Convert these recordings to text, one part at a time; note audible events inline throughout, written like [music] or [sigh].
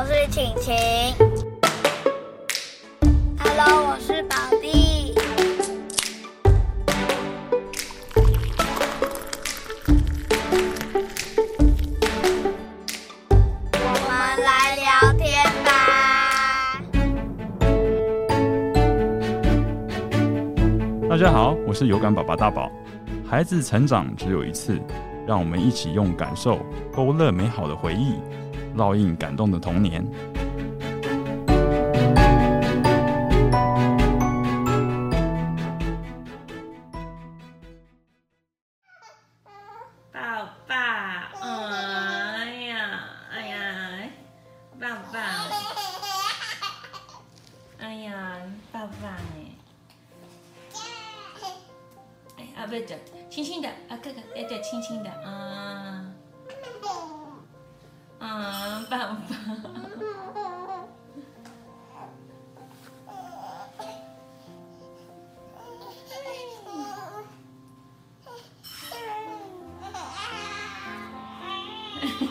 我是晴晴，Hello，我是寶弟。我們來聊天吧。大家好，我是有感把拔大寶。孩子成長只有一次，讓我們一起用感受勾勒美好的回憶。烙印感動的童年。 [laughs] 哎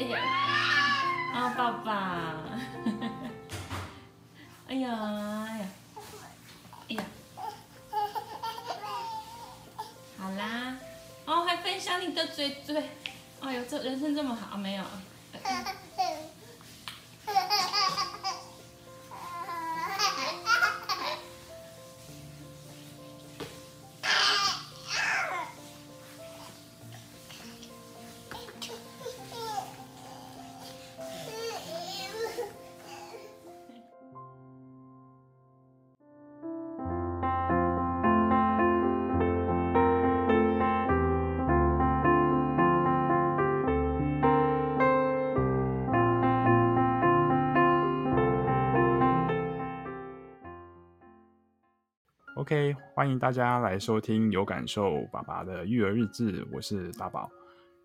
呀！啊、哦，爸爸！哈哈哈哈哈！哎呀，哎呀，哎呀！好啦，哦，還分享你的嘴嘴。哎呦，這人生這麼好，哦、沒有。OK，歡迎大家來收聽有感授把拔的育兒日誌，我是大寶。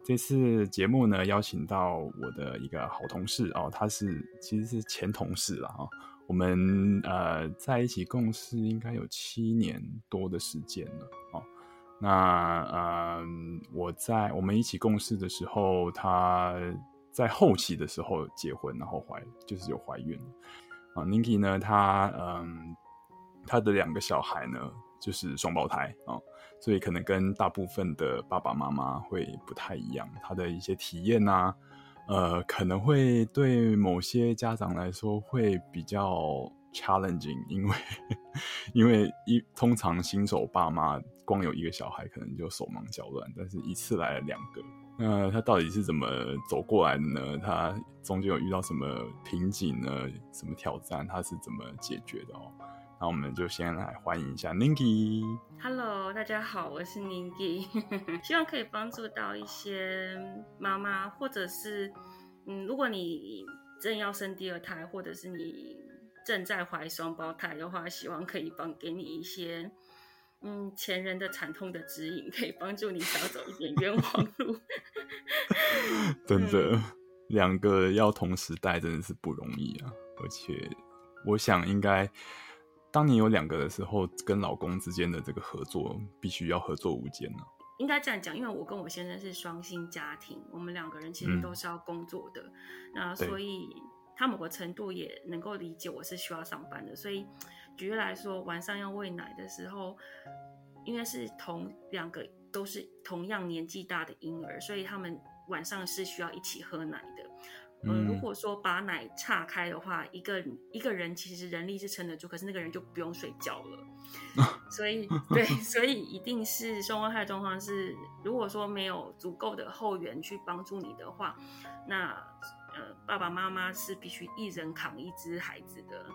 這次節目呢，邀請到我的一個好同事哦，他是其實是前同事了哈、哦。我們呃在一起共事應該有七年多的時間了哦，那呃我在我們一起共事的時候，他在後期的時候結婚，然後懷就是有懷孕啊、哦。Ningy 呢，他嗯。呃他的兩個小孩呢，就是雙胞胎啊，哦，所以可能跟大部分的爸爸媽媽會不太一樣。他的一些體驗啊，呃，可能會對某些家長來說會比較 challenging，因為因為一通常新手爸媽光有一個小孩可能就手忙腳亂，但是一次來了兩個，那他到底是怎麼走過來的呢？他中間有遇到什麼瓶頸呢？什麼挑戰？他是怎麼解決的哦？那我們就先來歡迎一下 Ningy。Hello，大家好，我是 Ningy。 [laughs] 希望可以幫助到一些媽媽，或者是嗯，如果你正要生第二胎，或者是你正在懷雙胞胎的話，希望可以幫給你一些嗯前人的慘痛的指引，可以幫助你少走一點冤枉路。 [laughs] [laughs] 真的，兩個要同時帶真的是不容易啊！而且我想應該。當你有兩個的時候，跟老公之間的這個合作必須要合作無間呢、啊。應該這樣講，因為我跟我先生是雙薪家庭，我們兩個人其實都是要工作的，嗯、那所以他某個程度也能夠理解我是需要上班的。所以舉例來說，晚上要餵奶的時候，因為是同，兩個都是同樣年紀大的嬰兒，所以他們晚上是需要一起喝奶。嗯，如果說把奶岔開的話，一個一個人其實人力是撐得住，可是那個人就不用睡覺了。 [laughs] 所以，對，所以一定是雙胞胎狀況是，如果說沒有足夠的後援去幫助你的話，那，呃，爸爸媽媽是必須一人扛一隻孩子的，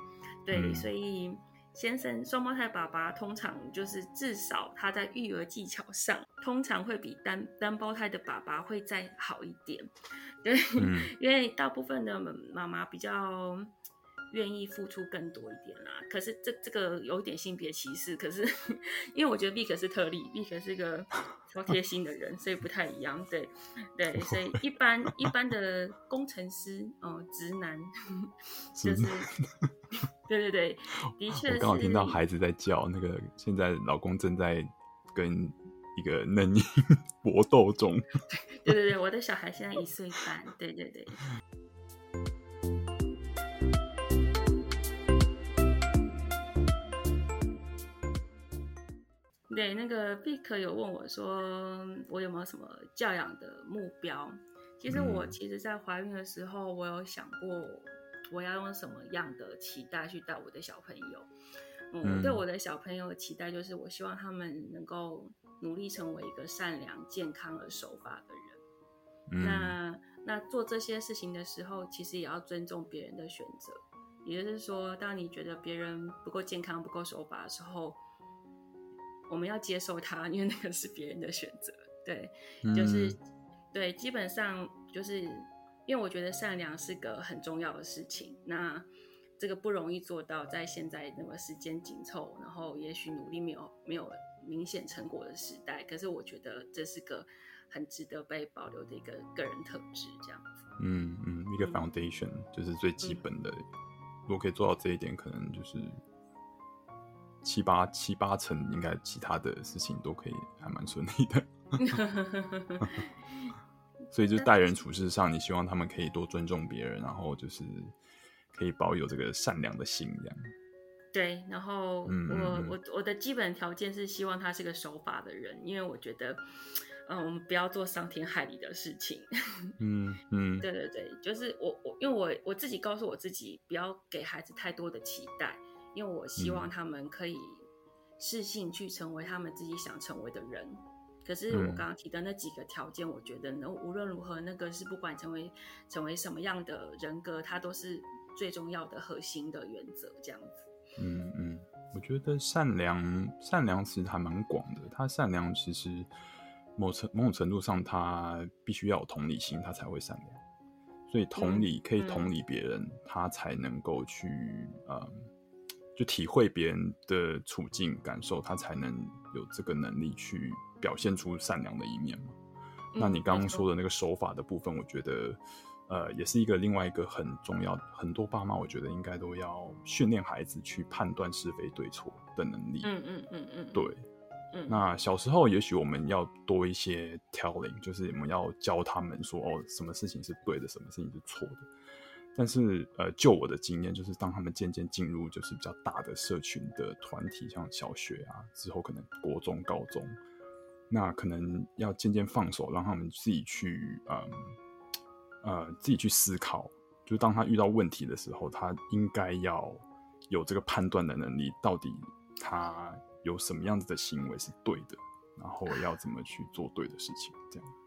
對，嗯，所以。先生，雙胞胎爸爸通常就是至少他在育兒技巧上，通常會比單單胞胎的爸爸會再好一點，對，嗯，因為大部分的媽媽比較。願意付出更多一點啦，可是這這個有點性別歧視。可是，因為我覺得 Vic 是特例，Vic 是一個超貼心的人， [laughs] 所以不太一樣。對，對，所以一般 [laughs] 一般的工程師哦、呃，直男就是， [laughs] 對對對，的確。我剛好聽到孩子在叫，那個現在老公正在跟一個嫩女搏鬥中對。對對對，我的小孩現在一歲半。對對對。 [laughs] 對，那個 Pic 有問我說，我有沒有什麼教養的目標？其實我其實在懷孕的時候、嗯，我有想過我要用什麼樣的期待去帶我的小朋友嗯。嗯，對我的小朋友的期待就是，我希望他們能夠努力成為一個善良、健康而守法的人。嗯、那那做這些事情的時候，其實也要尊重別人的選擇。也就是說，當你覺得別人不夠健康、不夠守法的時候，我們要接受他，因為那個是別人的選擇。對、嗯，就是，對，基本上就是，因為我覺得善良是個很重要的事情。那這個不容易做到，在現在那麼時間緊湊，然後也許努力沒有沒有明顯成果的時代，可是我覺得這是個很值得被保留的一個個人特質，這樣子。嗯嗯，一個 foundation、嗯、就是最基本的、嗯，如果可以做到這一點，可能就是。七八七八成，應該其他的事情都可以，還蠻順利的。 [laughs] [laughs] [laughs] 所以就待人處事上，你希望他們可以多尊重別人，然後就是可以保有這個善良的心，這樣。對，然後我、嗯、我我，我的基本條件是希望他是個守法的人，因為我覺得，嗯、呃，我們不要做傷天害理的事情。 [laughs] 嗯嗯，對對對，就是我我因為我我自己告訴我自己，不要給孩子太多的期待。因為我希望他們可以適性去成為他們自己想成為的人。嗯、可是我剛剛提的那幾個條件，我覺得那無論如何，那個是不管成為成為什麼樣的人格，它都是最重要的核心的原則。這樣子，嗯嗯，我覺得善良善良其實還蠻廣的。他善良其實某程某種程度上，他必須要有同理心，他才會善良。所以同理、嗯、可以同理別人，他、嗯、才能夠去嗯。呃就體會別人的處境感受，他才能有這個能力去表現出善良的一面嘛。嗯。那你剛剛說的那個守法的部分，我覺得，呃，也是一個另外一個很重要的。很多爸媽我覺得應該都要訓練孩子去判斷是非對錯的能力。嗯嗯嗯嗯，對。嗯。那小時候也許我們要多一些 telling，就是我們要教他們說哦，什麼事情是對的，什麼事情是錯的。但是，呃，就我的經驗，就是當他們漸漸進入就是比較大的社群的團體，像小學啊之後，可能國中、高中，那可能要漸漸放手，讓他們自己去，嗯、呃，呃，自己去思考。就當他遇到問題的時候，他應該要有這個判斷的能力，到底他有什麼樣子的行為是對的，然後要怎麼去做對的事情，這樣。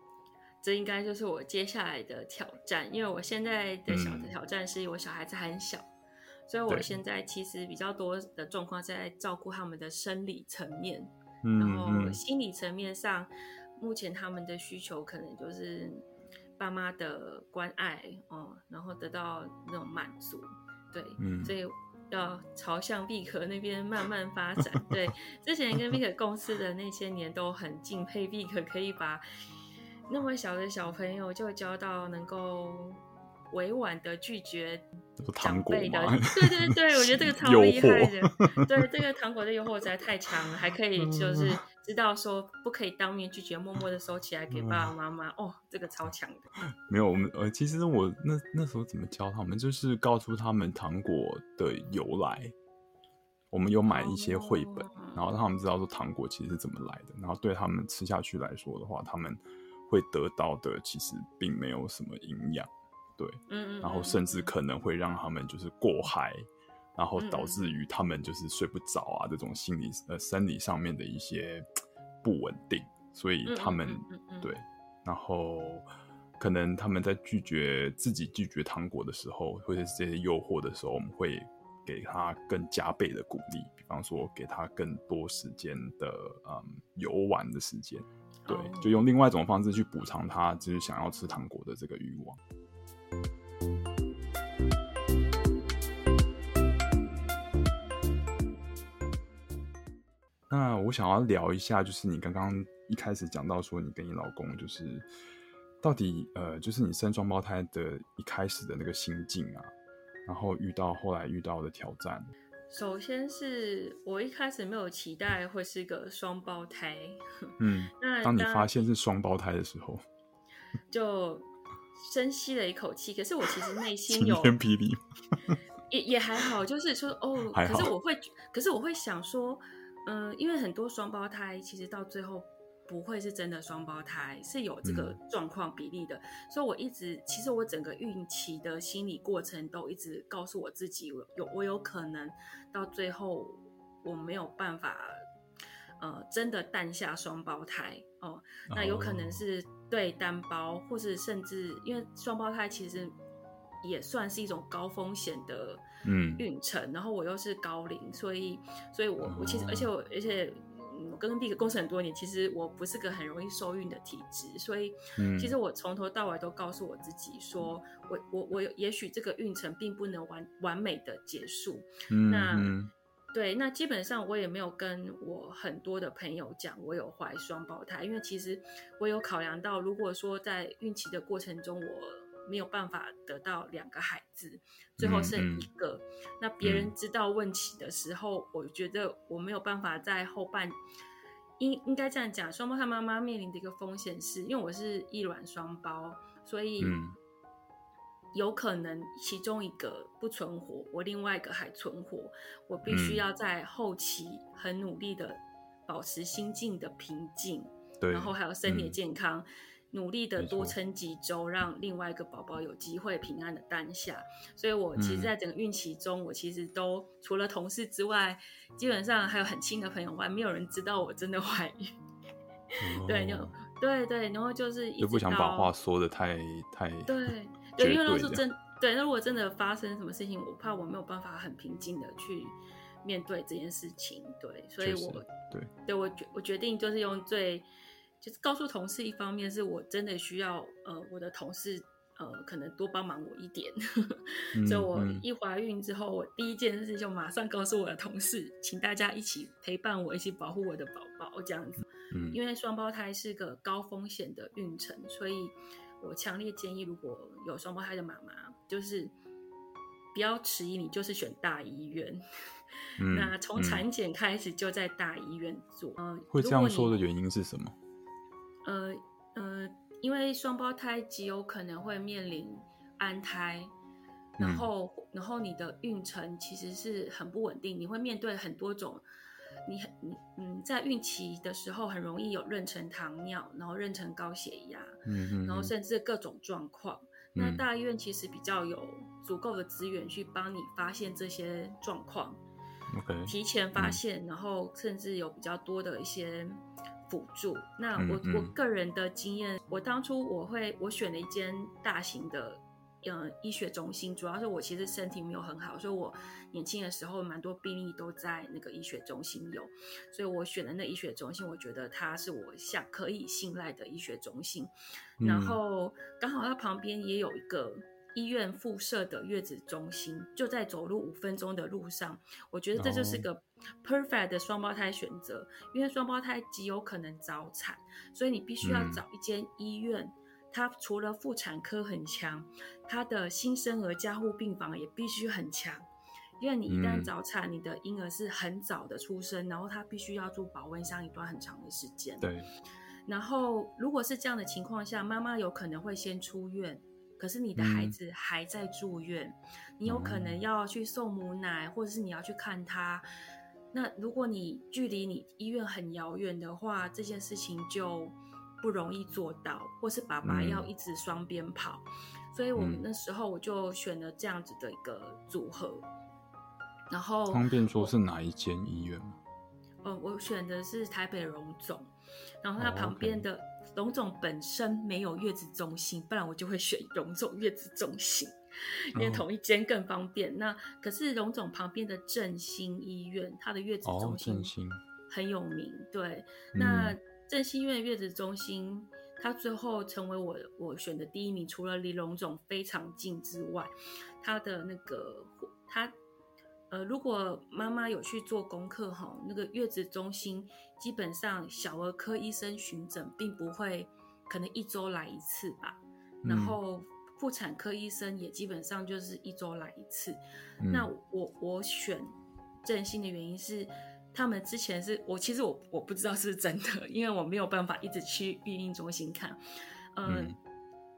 這應該就是我接下來的挑戰，因為我現在的小的挑戰是我小孩子很小，嗯、所以我現在其實比較多的狀況是在照顧他們的生理層面，嗯、然後心理層面上、嗯，目前他們的需求可能就是爸媽的關愛哦、嗯，然後得到那種滿足，對，嗯、所以要朝向 b 可那邊慢慢發展。 [laughs] 對，之前跟 b 可公司共事的那些年都很敬佩 b 可可以把。那麼小的小朋友就教到能夠委婉的拒絕長輩的糖果 [laughs] 對對對，我覺得這個超厲害的。 [laughs] 誘惑笑對，這個糖果的誘惑實在太強了，還可以就是知道說不可以當面拒絕，默默的收起來給爸爸媽媽。 [laughs] 哦，這個超強的。沒有我們呃，其實我那、那時候怎麼教他們，就是告訴他們糖果的由來。我們有買一些繪本，然後讓他們知道說糖果其實是怎麼來的。然後對他們吃下去來說的話，他們。會得到的其實並沒有什麼營養，對。然後甚至可能會讓他們就是過嗨，然後導致於他們就是睡不着啊，這種心理、呃、生理上面的一些不穩定，所以他們，對。然後可能他們在拒絕自己拒絕糖果的時候，或者是這些誘惑的時候，我們會給他更加倍的鼓勵，比方說給他更多時間的嗯遊玩的時間。對，就用另外一種方式去補償他，就是想要吃糖果的這個慾望。嗯。那我想要聊一下，就是你剛剛一開始講到說，你跟你老公就是到底呃，就是你生雙胞胎的一開始的那個心境啊，然後遇到後來遇到的挑戰。首先是我一開始沒有期待會是個雙胞胎，嗯，那當你發現是雙胞胎的時候，就深吸了一口氣。可是我其實內心有晴天霹靂， [laughs] 也也還好，就是說哦，可是我會，可是我會想說，嗯、呃，因為很多雙胞胎其實到最後。不會是真的雙胞胎，是有這個狀況比例的。嗯、所以我一直其實我整個孕期的心理過程都一直告訴我自己，我有我有可能到最後我沒有辦法，呃，真的誕下雙胞胎哦，那有可能是對單胞，或是甚至因為雙胞胎其實也算是一種高風險的運嗯孕程，然後我又是高齡，所以所以我，我、哦、我其實而且我而且，我跟那個公司很多年，其實我不是個很容易受孕的體質，所以，其實我從頭到尾都告訴我自己說，說我我我，我我也許這個孕程並不能完完美的結束。嗯嗯，那對，那基本上我也沒有跟我很多的朋友講我有懷雙胞胎，因為其實我有考量到，如果說在孕期的過程中我。沒有辦法得到兩個孩子，最後剩一個。嗯嗯、那別人知道問題的時候，嗯，我覺得我沒有辦法在後半，應應該這樣講，雙胞胎媽媽面臨的一個風險是，因為我是一卵雙胞，所以有可能其中一個不存活，我另外一個還存活。我必須要在後期很努力的保持心境的平靜，嗯，然後還有身體健康。嗯努力的多撐幾週，讓另外一個寶寶有機會平安的誕下。所以我其實在整個孕期中、嗯，我其實都除了同事之外，基本上還有很親的朋友外，我還沒有人知道我真的懷孕。嗯、 [laughs] 對，就對對，然後就是就不想把話說的太太對對，對，對，因為如果真對，對，那如果真的發生什麼事情，我怕我沒有辦法很平靜的去面對這件事情。對，所以我對對我決我決定就是用最。就是告訴同事，一方面是我真的需要，呃，我的同事，呃，可能多幫忙我一點。 [laughs] 嗯、所以，我一懷孕之後，我第一件事就馬上告訴我的同事，請大家一起陪伴我，一起保護我的寶寶，這樣子。嗯、因為雙胞胎是個高風險的孕程，所以我強烈建議，如果有雙胞胎的媽媽，就是不要遲疑你，你就是選大醫院。嗯、 [laughs] 那從產檢開始就在大醫院做。嗯呃、會這樣說的原因是什麼？呃嗯、呃，因為雙胞胎極有可能會面臨安胎、嗯，然後然後你的孕程其實是很不穩定，你會面對很多種，你很你嗯在孕期的時候很容易有妊娠糖尿，然後妊娠高血壓，嗯，嗯然後甚至各種狀況。嗯、那大醫院其實比較有足夠的資源去幫你發現這些狀況 okay, 提前發現、嗯，然後甚至有比較多的一些。輔助。那我、嗯嗯、我個人的經驗，我當初我會我選了一間大型的，嗯，醫學中心。主要是我其實身體沒有很好，所以我年輕的時候蠻多病歷都在那個醫學中心有，所以我選的那醫學中心，我覺得它是我想可以信賴的醫學中心。嗯、然後剛好它旁邊也有一個。醫院附設的月子中心就在走路五分鐘的路上，我覺得這就是個 perfect 的雙胞胎選擇。因為雙胞胎極有可能早產，所以你必須要找一間醫院，嗯，它除了婦產科很強，它的新生兒加護病房也必須很強。因為你一旦早產，嗯，你的嬰兒是很早的出生，然後他必須要住保溫箱一段很長的時間。對。然後如果是這樣的情況下，媽媽有可能會先出院。可是你的孩子還在住院，嗯、你有可能要去送母奶，嗯，或者是你要去看他。那如果你距離你醫院很遙遠的話，這件事情就不容易做到，或是爸爸要一直雙邊跑，嗯。所以，我們那時候我就選了這樣子的一個組合，嗯、然後方便說是哪一間醫院嗎？呃，我選的是台北榮總，然後他旁邊的。哦 okay 榮總本身沒有月子中心，不然我就會選榮總月子中心，因為同一間更方便。Oh. 那可是榮總旁邊的振興醫院，他的月子中心很有名。Oh, 對，那振興醫院月子中心、嗯，它最後成為我我選的第一名，除了離榮總非常近之外，它的那個它。呃，如果媽媽有去做功課哈、哦，那個月子中心基本上小兒科醫生巡診並不會，可能一周來一次吧、嗯。然後婦產科醫生也基本上就是一周來一次。嗯、那我我選振興的原因是，他們之前是我其實我我不知道是不是真的，因為我沒有辦法一直去孕嬰中心看、呃嗯。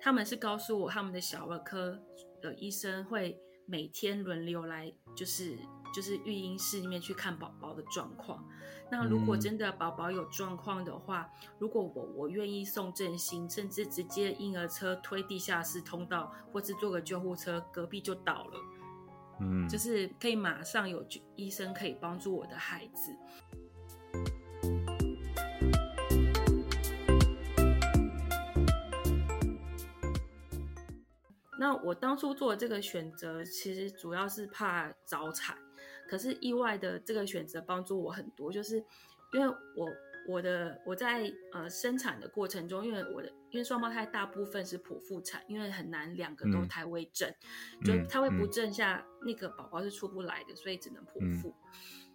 他們是告訴我他們的小兒科的醫生會每天輪流來、就是，就是就是育嬰室裡面去看寶寶的狀況。那如果真的寶寶有狀況的話、嗯，如果我我願意送振興，甚至直接嬰兒車推地下室通道，或是坐個救護車，隔壁就到了。嗯，就是可以馬上有醫生可以幫助我的孩子。那我當初做這個選擇，其實主要是怕早產，可是意外的這個選擇幫助我很多，就是因為我我的我在呃生產的過程中，因為我的因為雙胞胎大部分是剖腹產，因為很難兩個都胎位正，就胎位不正下、嗯、那個寶寶是出不來的，所以只能剖腹。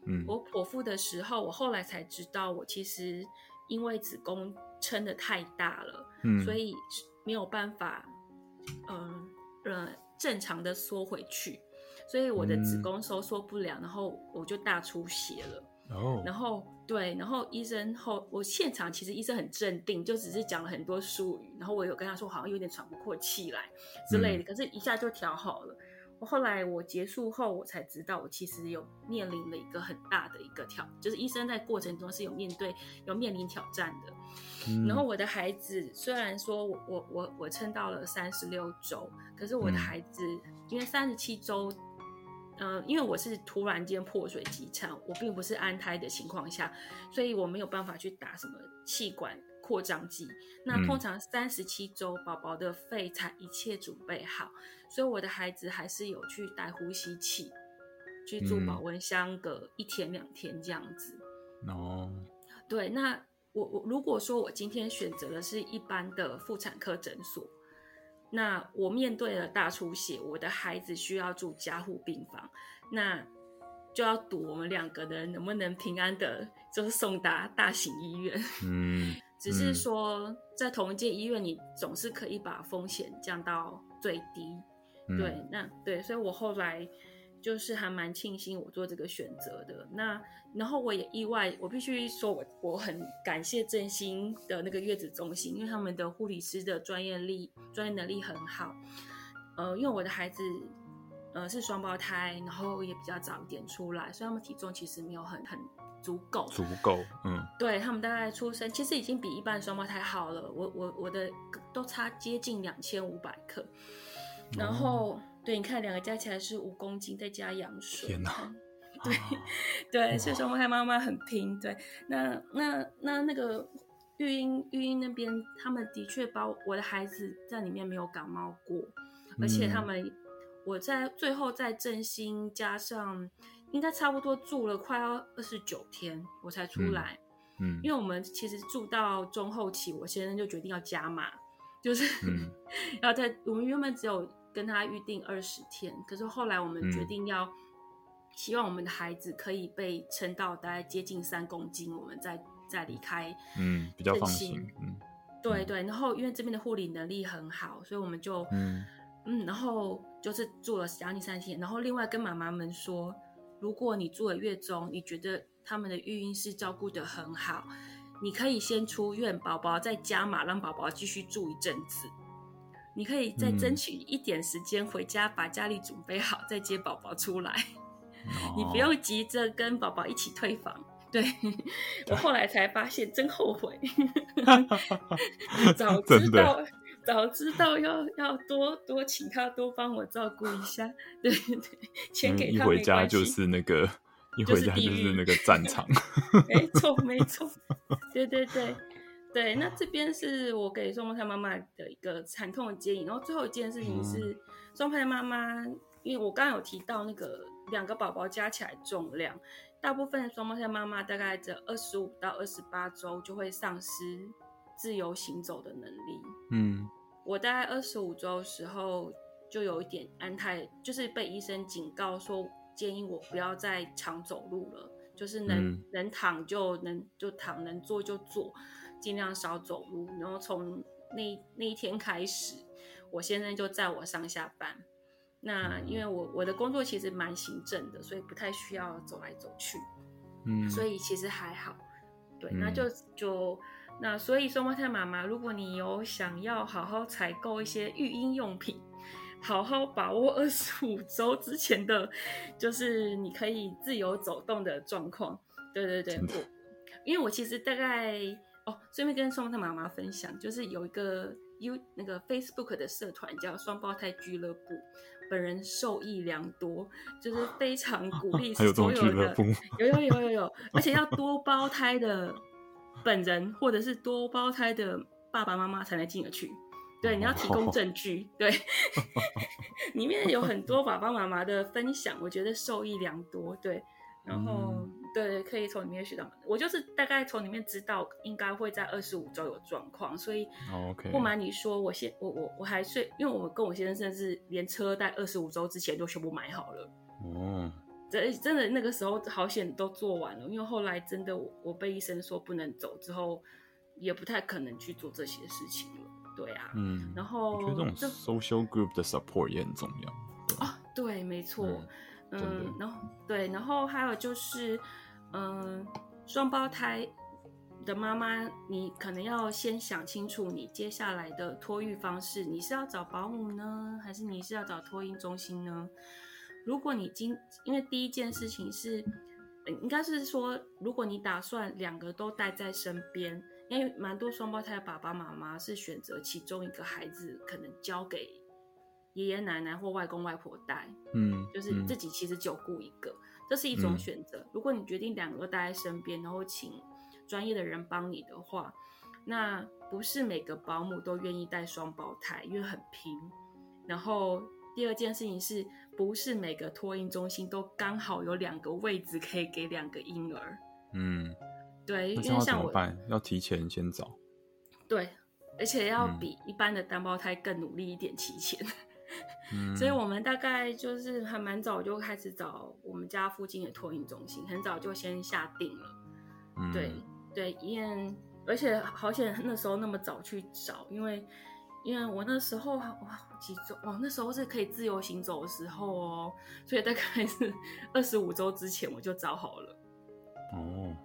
嗯，嗯我剖腹的時候，我後來才知道，我其實因為子宮撐得太大了、嗯，所以沒有辦法，嗯、呃。嗯，正常的縮回去，所以我的子宮收縮不了，嗯，然後我就大出血了。Oh. 然後，對，然後醫生後，我現場其實醫生很鎮定，就只是講了很多術語。然後我有跟他說，好像有點喘不過氣來之類的，嗯，可是一下就調好了。我後來我結束後，我才知道我其實有面臨了一個很大的一個挑，就是醫生在過程中是有面對有面臨挑戰的、嗯。然後我的孩子雖然說我我我撐到了三十六周，可是我的孩子、嗯、因為三十七周。嗯、呃，因為我是突然間破水急產，我並不是安胎的情況下，所以我沒有辦法去打什麼氣管擴張劑。那通常三十七周寶寶的肺才一切準備好，所以我的孩子還是有去戴呼吸器，去做保溫箱，隔一天兩天這樣子。哦、嗯，對，那我我如果說我今天選擇的是一般的婦產科診所。那我面對了大出血，我的孩子需要住加護病房，那就要賭我們兩個人能不能平安的，就是送達大型醫院。嗯嗯、只是說在同一間醫院，你總是可以把風險降到最低。嗯、對，那對，所以我後來。就是還蠻慶幸我做這個選擇的。那然後我也意外，我必須說我我很感謝真心的那個月子中心，因為他們的護理師的專業力專業能力很好。呃，因為我的孩子呃是雙胞胎，然後也比較早一點出來，所以他們體重其實沒有很很足夠，足夠，嗯，對他們大概出生其實已經比一般雙胞胎好了。我我我的都差接近兩千五百克，然後。哦對，你看兩個加起來是五公斤，再加羊水。天哪！對，所以說我和媽媽很拼。對，那、那、那那、那個育嬰育嬰那邊，他們的確把我的孩子在裡面沒有感冒過，嗯、而且他們我在最後在振興加上應該差不多住了快要二十九天我才出來嗯。嗯，因為我們其實住到中後期，我先生就決定要加碼就是要、嗯、在我們原本只有。跟他預定二十天，可是後來我們決定要，希望我們的孩子可以被撐到大概接近三公斤，我們再再離開。嗯，比較放心。嗯，對對。然後因為這邊的護理能力很好，所以我們就，嗯，嗯然後就是住了將近三天。然後另外跟媽媽們說，如果你住了月中，你覺得他們的育嬰室照顧得很好，你可以先出院，寶寶再加碼，讓寶寶繼續住一陣子。你可以再爭取一點時間回家，把家裡準備好，嗯、再接寶寶出來、哦。你不用急着跟寶寶一起退房。對，我後來才發現，真後悔。 [laughs] 早知道，早知道要要多多請他多幫我照顧一下。對對對錢給他一回家就是那個是，一回家就是那個戰場。沒錯沒錯。對對對。對，那這邊是我給雙胞胎媽媽的一個慘痛的建議。然後最後一件事情是，雙胞胎媽媽，因為我剛剛有提到那個兩個寶寶加起來重量，大部分的雙胞胎媽媽大概在二十五到二十八周就會喪失自由行走的能力。嗯，我大概二十五周的時候就有一點安胎，就是被醫生警告說，建議我不要再常走路了，就是能、嗯、能躺就能就躺，能坐就坐。盡量少走路，然後從那那一天開始，我先生就載我上下班。那因為我我的工作其實蠻行政的，所以不太需要走來走去，嗯，所以其實還好。對，嗯、那就就那，所以雙胞胎媽媽，如果你有想要好好採購一些育嬰用品，好好把握二十五周之前的，就是你可以自由走動的狀況。對對對，真的，我因為我其實大概。哦，順便跟雙胞胎媽媽分享，就是有一個 U 那個 Facebook 的社團叫雙胞胎俱樂部，本人受益良多，就是非常鼓勵所有的有，有有有有有， [laughs] 而且要多胞胎的本人或者是多胞胎的爸爸媽媽才能進得去，對，你要提供證據，對， [laughs] 裡面有很多爸爸媽媽的分享，我覺得受益良多，對。然後，嗯、對可以從裡面學到。我就是大概從裡面知道應該會在二十五周有狀況，所以、oh, okay. 不瞞你說，我先我我我還睡，因為我跟我先生甚至連車在二十五周之前都全部買好了。哦、oh.，這真的那個時候好險都做完了，因為後來真的我我被醫生說不能走之後，也不太可能去做這些事情了。對啊，嗯，然後這種 social group 的 support 也很重要。啊、對，沒錯。嗯嗯，然後對，然後還有就是，嗯，雙胞胎的媽媽，你可能要先想清楚你接下來的托育方式，你是要找保姆呢？還是你是要找托嬰中心呢？如果你今，因為第一件事情是，應該是說，如果你打算兩個都帶在身邊，因為蠻多雙胞胎的爸爸媽媽是選擇其中一個孩子可能交給。爺爺奶奶或外公外婆帶，嗯，就是自己其實就顧一個，嗯，這是一種選擇，嗯。如果你決定兩個帶在身邊，然後請專業的人幫你的話，那不是每個保姆都願意帶雙胞胎，因為很拼。然後第二件事情是不是每個托嬰中心都剛好有兩個位置可以給兩個嬰兒？嗯，對，那這樣要怎麼辦？因為像我，要提前先找，對，而且要比一般的單胞胎更努力一點提前。嗯、所以，我們大概就是還蠻早就開始找我們家附近的托嬰中心，很早就先下定了。嗯、對對，因為而且好險那時候那麼早去找，因為因為我那時候哇幾周哦，那時候是可以自由行走的時候哦，所以大概是二十五周之前我就找好了。哦，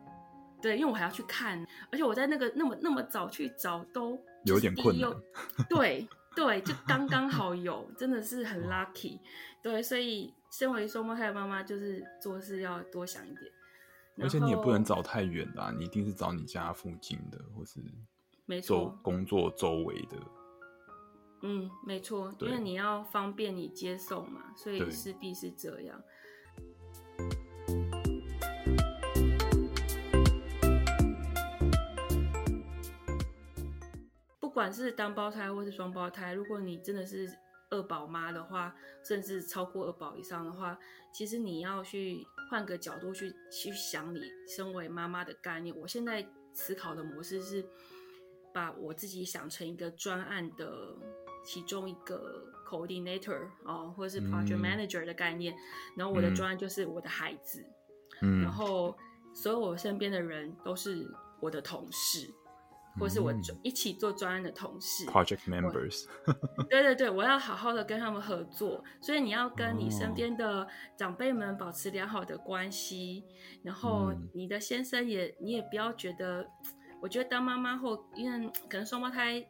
對，因為我還要去看，而且我在那個那麼那麼早去找都有點困難。對。 [laughs] 對，就剛剛好有， [laughs] 真的是很 lucky。對，所以身為雙胞胎媽媽，就是做事要多想一點。而且你也不能找太遠啦，你一定是找你家附近的，或是做工作周圍的。嗯，沒錯對，因為你要方便你接送嘛，所以勢必是這樣。不管是單胞胎或是雙胞胎，如果你真的是二寶媽的話，甚至超過二寶以上的話，其實你要去換個角度去去想你身為媽媽的概念。我現在思考的模式是，把我自己想成一個專案的其中一個 coordinator，哦，或是 project manager 的概念，嗯。然後我的專案就是我的孩子，嗯，然後所有我身邊的人都是我的同事。或是我一起做專案的同事、嗯、project members， [laughs] 對對對，我要好好的跟他們合作。所以你要跟你身邊的長輩們保持良好的關係，哦、然後你的先生也你也不要覺得，嗯、我覺得當媽媽後，因為可能雙胞胎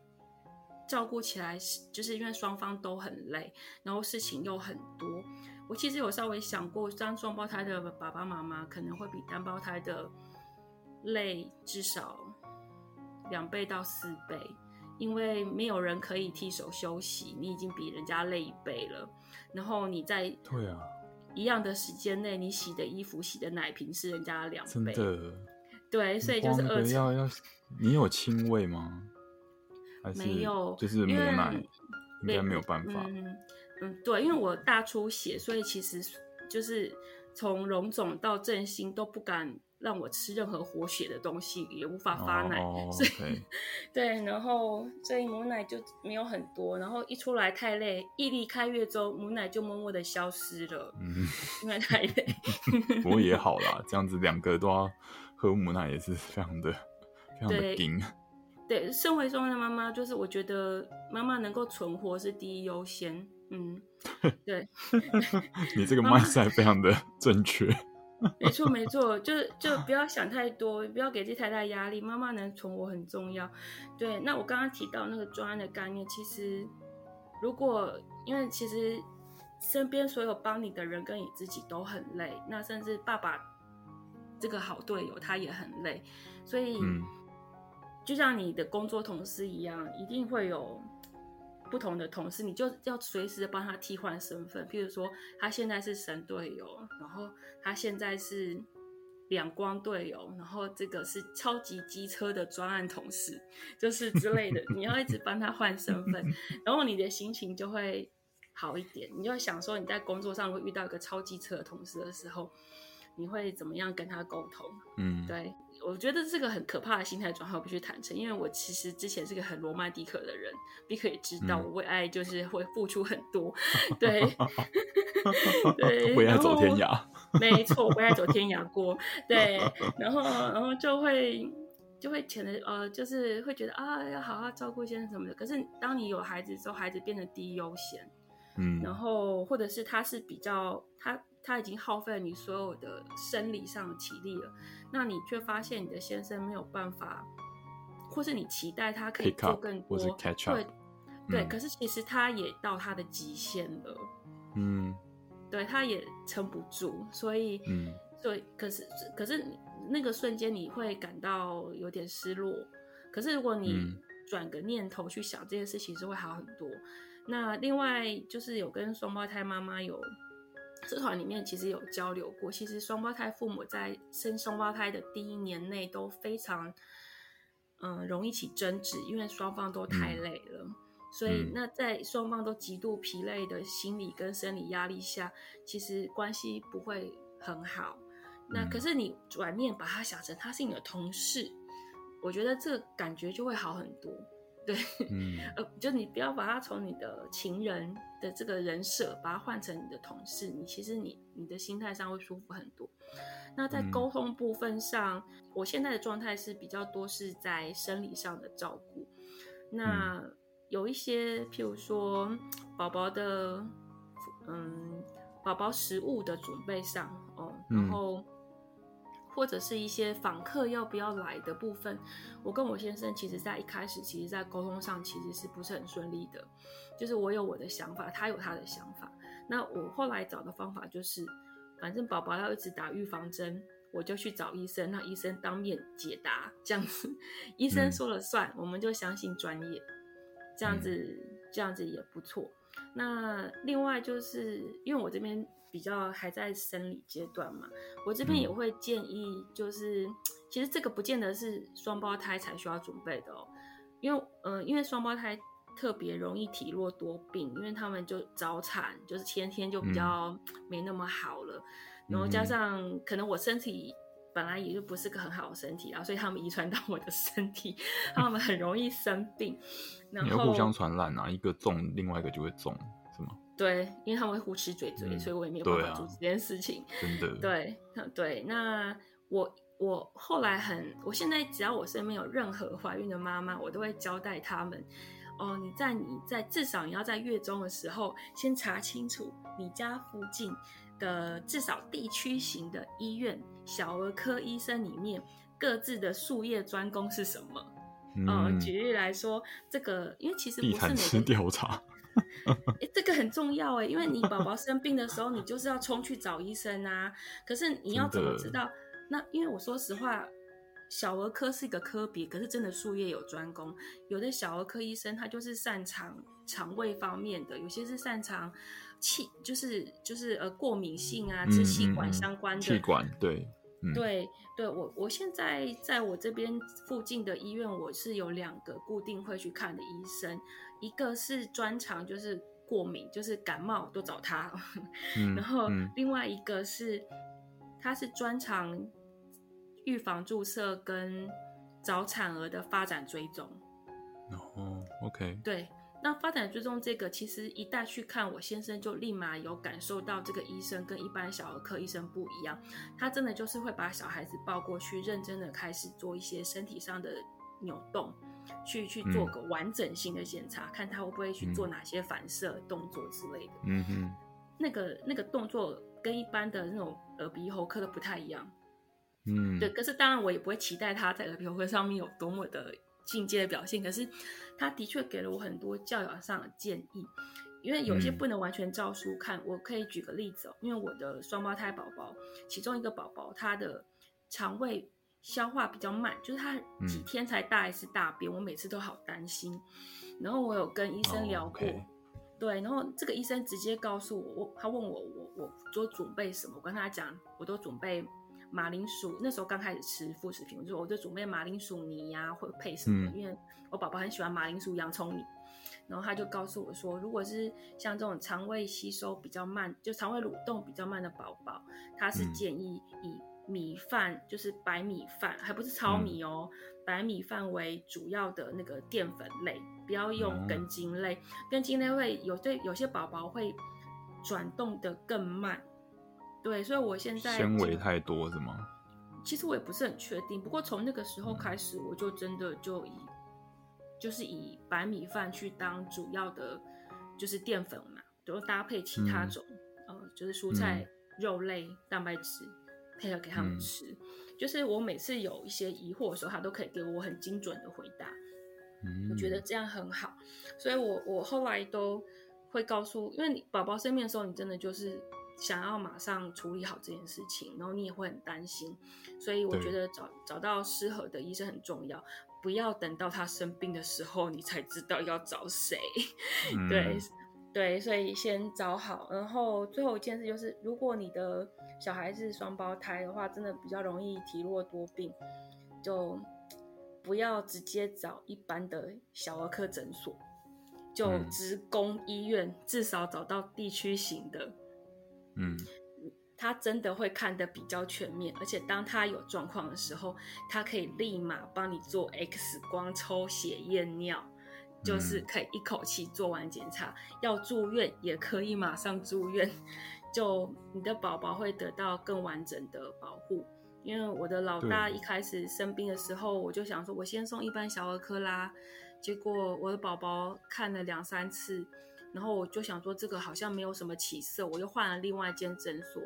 照顧起來，是就是因為雙方都很累，然後事情又很多。我其實有稍微想過，當雙胞胎的爸爸媽媽可能會比單胞胎的累，至少。兩倍到四倍，因為沒有人可以替手休息，你已經比人家累一倍了。然後你在啊一樣的時間內，你洗的衣服、洗的奶瓶是人家兩倍。真的，對，所以就是二。要要，你有清胃嗎是是沒？沒有，就是沒奶。應該沒有辦法嗯。嗯，對，因為我大出血，所以其實就是從榮總到振興都不敢，讓我吃任何活血的東西也無法發奶，oh, okay. 所以對，然後所以母奶就沒有很多，然後一出來太累，一離開月子之後母奶就默默的消失了，嗯，因為太累，不過也好啦。 [laughs] 這樣子兩個都要喝母奶也是非常的對，非常的頂，對，生活中的媽媽就是我覺得媽媽能夠存活是第一優先，嗯， [laughs] 對， [laughs] 你這個 mindset 非常的正確。媽媽 [laughs] [laughs] 沒錯，沒錯，就就不要想太多，不要給自己太大壓力。媽媽能寵我很重要，對。那我剛剛提到那個專案的概念，其實如果因為其實身邊所有幫你的人跟你自己都很累，那甚至爸爸這個好隊友他也很累，所以就像你的工作同事一樣，一定會有。不同的同事，你就要隨時幫他替換身份。譬如說，他現在是神隊友，然後他現在是兩光隊友，然後這個是超級機車的專案同事，就是之類的。你要一直幫他換身份， [laughs] 然後你的心情就會好一點。你就會想說，你在工作上會遇到一個超級機車的同事的時候，你會怎麼樣跟他溝通？嗯，對。我覺得這個很可怕的心態轉換，我必須坦誠。因為我其實之前是個很羅曼蒂克的人，你可以知道，為、嗯、愛就是會付出很多，對， [laughs] [laughs] 對。為愛走天涯， [laughs] 沒錯，為愛走天涯過，對。然後，然後就會就會顯得呃，就是會覺得啊，要好好照顧先生什麼的。可是當你有孩子之後，孩子變得低優先，嗯，然後或者是他是比較他。他已經耗費了你所有的生理上的體力了，那你却發現你的先生沒有辦法，或是你期待他可以做更多，up, 對，對、mm.，可是其實他也到他的極限了，嗯、mm.，對，他也撐不住，所以，嗯、mm.，所以可是可是那個瞬間你會感到有點失落，可是如果你轉個念頭去想、mm. 這件事情，其實會好很多。那另外就是有跟雙胞胎媽媽有社團裡面其實有交流過，其實雙胞胎父母在生雙胞胎的第一年內都非常，嗯，容易起爭執，因為雙方都太累了，所以那在雙方都極度疲累的心理跟生理壓力下，其實關係不會很好。那可是你轉念把他想成他是你的同事，我覺得這個感覺就會好很多。對，嗯，呃，就你不要把它從你的情人的這個人設，把它換成你的同事，你其實你你的心態上會舒服很多。那在溝通部分上，嗯，我現在的狀態是比較多是在生理上的照顧，那有一些，嗯，譬如說寶寶的，嗯，寶寶食物的準備上哦，然後，嗯或者是一些訪客要不要來的部分，我跟我先生其實在一開始，其實在溝通上其實是不是很順利的，就是我有我的想法，他有他的想法。那我後來找的方法就是，反正寶寶要一直打預防針，我就去找醫生，讓醫生當面解答，這樣子，醫生說了算，嗯、我們就相信專業，這樣子，這樣子也不錯。那另外就是因為我這邊比較還在生理階段嘛，我這邊也會建議，就是、嗯、其實這個不見得是雙胞胎才需要準備的哦，因為呃，因為雙胞胎特別容易體弱多病，因為他們就早產，就是先天就比較沒那麼好了，嗯、然後加上可能我身體。本來也就不是個很好的身體，然後所以他們遺傳到我的身體，他們很容易生病。 [laughs] 然後你要互相傳染啊，一個中，另外一個就會中，是嗎？對，因為他們會呼吃嘴嘴、嗯，所以我也沒有辦法做這件事情。啊、真的，對，那對，那我我後來很，我現在只要我身邊有任何懷孕的媽媽，我都會交代他們：哦，你在你在至少你要在月中的時候，先查清楚你家附近的至少地區型的醫院。小兒科醫生裡面各自的術業專攻是什麼？嗯、呃、舉例來說，這個因為其實不是每天調查、 [laughs] 欸，這個很重要哎，因為你寶寶生病的時候， [laughs] 你就是要衝去找醫生啊。可是你要怎麼知道？那因為我說實話。小兒科是一個科別，可是真的術業有專攻，有的小兒科醫生他就是擅長腸胃方面的，有些是擅長氣，就是就是呃過敏性啊支氣管相關的、嗯嗯。氣管，對，對、嗯、對，對，我我現在在我這邊附近的醫院，我是有兩個固定會去看的醫生，一個是專長就是過敏，就是感冒都找他、 [laughs] 嗯嗯，然後另外一個是他是專長。預防注射跟早產兒的發展追蹤，哦、oh，OK，對，那發展追蹤這個，其實一旦去看，我先生就立馬有感受到這個醫生跟一般小兒科醫生不一樣，他真的就是會把小孩子抱過去，認真的開始做一些身體上的扭動，去去做個完整性的檢查、嗯，看他會不會去做哪些反射、嗯、動作之類的。嗯哼，那個那個動作跟一般的那種耳鼻喉科的不太一樣。嗯，對，可是當然我也不會期待他在耳林匹上面有多麼的境界的表現，可是他的確給了我很多教養上的建議，因為有些不能完全照書看，嗯。我可以舉個例子哦，因為我的雙胞胎寶寶，其中一個寶寶他的腸胃消化比較慢，就是他幾天才大一次大便，嗯，我每次都好擔心。然後我有跟醫生聊過，哦 okay. 對，然後這個醫生直接告訴我，我他問我我我做準備什麼，我跟他講我都準備。馬鈴薯，那時候剛開始吃副食品，我就說我就準備馬鈴薯泥呀、啊，或配什麼？嗯、因為我寶寶很喜歡馬鈴薯洋蔥泥。然後他就告訴我說，如果是像這種腸胃吸收比較慢，就腸胃蠕動比較慢的寶寶，他是建議以米飯、嗯，就是白米飯，還不是糙米哦、喔嗯，白米飯為主要的那個澱粉類，不要用根莖類，嗯、根莖類會有對有些寶寶會轉動得更慢。對，所以我現在纖維太多是嗎？其實我也不是很確定。不過從那個時候開始，我就真的就以、嗯、就是以白米飯去當主要的，就是澱粉嘛，就搭配其他種、嗯、呃，就是蔬菜、肉類、蛋白質配合給他們吃，嗯。就是我每次有一些疑惑的時候，他都可以給我很精準的回答。嗯，我覺得這樣很好。所以我我後來都會告訴，因為你寶寶生病的時候，你真的就是。想要馬上處理好這件事情，然後你也會很擔心，所以我覺得找找到適合的醫生很重要，不要等到他生病的時候你才知道要找誰。嗯。對對，所以先找好。然後最後一件事就是，如果你的小孩是雙胞胎的話，真的比較容易體弱多病，就不要直接找一般的小兒科診所，就直攻醫院，至少找到地區型的。嗯，他真的會看得比較全面，而且當他有狀況的時候，他可以立馬幫你做 X 光、抽血、驗尿，就是可以一口氣做完檢查，嗯。要住院也可以馬上住院，就你的寶寶會得到更完整的保護。因為我的老大一開始生病的時候，我就想說，我先送一般小兒科啦，結果我的寶寶看了兩三次。然後我就想說，這個好像沒有什麼起色。我又換了另外一間診所，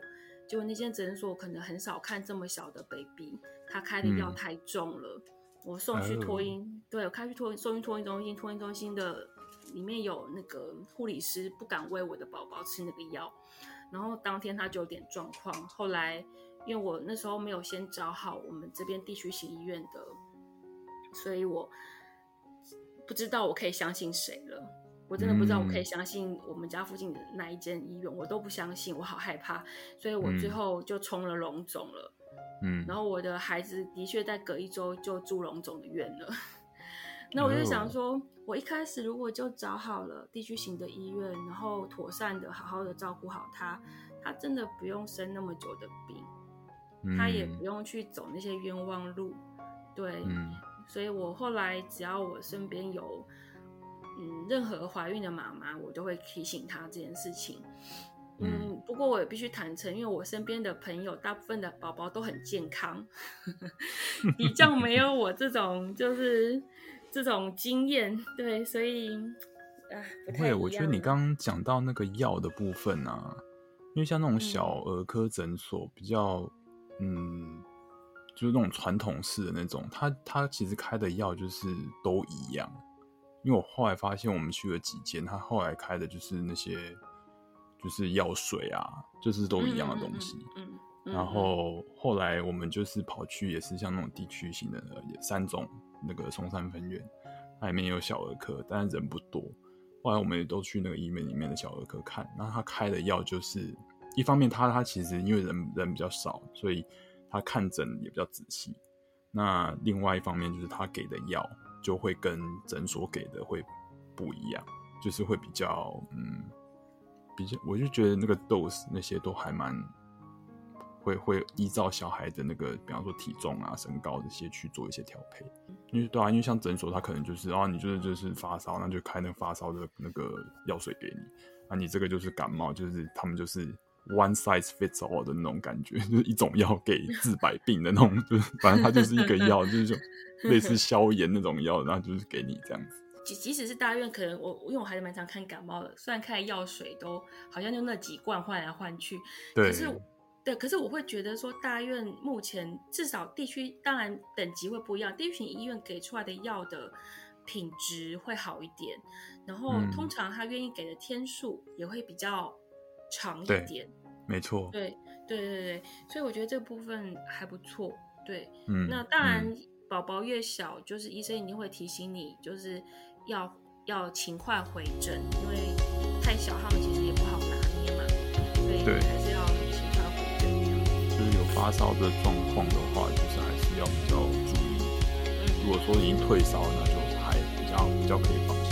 結果那間診所可能很少看這麼小的 baby，他開的藥太重了。嗯、我送去托嬰、呃，對，我開去托，送去托嬰中心，托嬰中心的裡面有那個護理師不敢餵我的寶寶吃那個藥，然後當天他就有點狀況。後來因為我那時候沒有先找好我們這邊地區型醫院的，所以我不知道我可以相信誰了。我真的不知道我可以相信我們家附近的那一間醫院，嗯，我都不相信，我好害怕，所以我最後就衝了龍總了。嗯，然後我的孩子的確在隔一周就住龍總的院了。 [laughs] 那我就想說，哦，我一開始如果就找好了地區型的醫院，然後妥善的、好好的照顧好他，他真的不用生那麼久的病，嗯、他也不用去走那些冤枉路。對，嗯、所以我後來只要我身邊有。嗯，任何懷孕的媽媽，我都會提醒她這件事情。嗯，嗯，不過我也必須坦誠，因為我身邊的朋友大部分的寶寶都很健康，比 [laughs] 較沒有我這種就是這種經驗。對，所以，啊、不會。我覺得你剛剛講到那個藥的部分啊，因為像那種小兒科診所比較嗯，嗯，就是那種傳統式的那種，他他其實開的藥就是都一樣。因為我後來發現，我們去了幾間，他後來開的就是那些，就是藥水啊，就是都一樣的東西。然後後來我們就是跑去，也是像那種地區型的，也三總那個松山分院，它裡面有小兒科，但是人不多。後來我們也都去那個醫院裡面的小兒科看，那他開的藥就是一方面他，他他其實因為人人比較少，所以他看診也比較仔細。那另外一方面就是他給的藥。就會跟診所給的會不一樣，就是會比較嗯，比較我就覺得那個 dose 那些都還蠻會會依照小孩的那個，比方說體重啊、身高這些去做一些調配。因為對啊，因為像診所，他可能就是哦，啊，你就是就是發燒，那就開那發燒的那個藥水給你。啊，你這個就是感冒，就是他們就是。One size fits all 的那種感覺，就是一種藥給治百病的那種， [laughs] 就是反正它就是一個藥，就是說類似消炎那種藥，然後就是給你這樣子。即即使是大院，可能我因為我還是蠻常看感冒的，雖然看藥水都好像就那幾罐換來換去，對，對，可是我會覺得說大院目前至少地區當然等級會不一樣，地區型醫院給出來的藥的品質會好一點，然後、嗯、通常他願意給的天數也會比較。長一點，沒錯。對對對對，所以我覺得這部分還不錯。對，嗯，那當然，寶寶越小，嗯，就是醫生一定會提醒你，就是要要勤快回診，因為太小他們其實也不好拿捏嘛。對，還是要勤快回診。就是有發燒的狀況的話，就是還是要比較注意。如果說已經退燒，那就還比較比較可以放。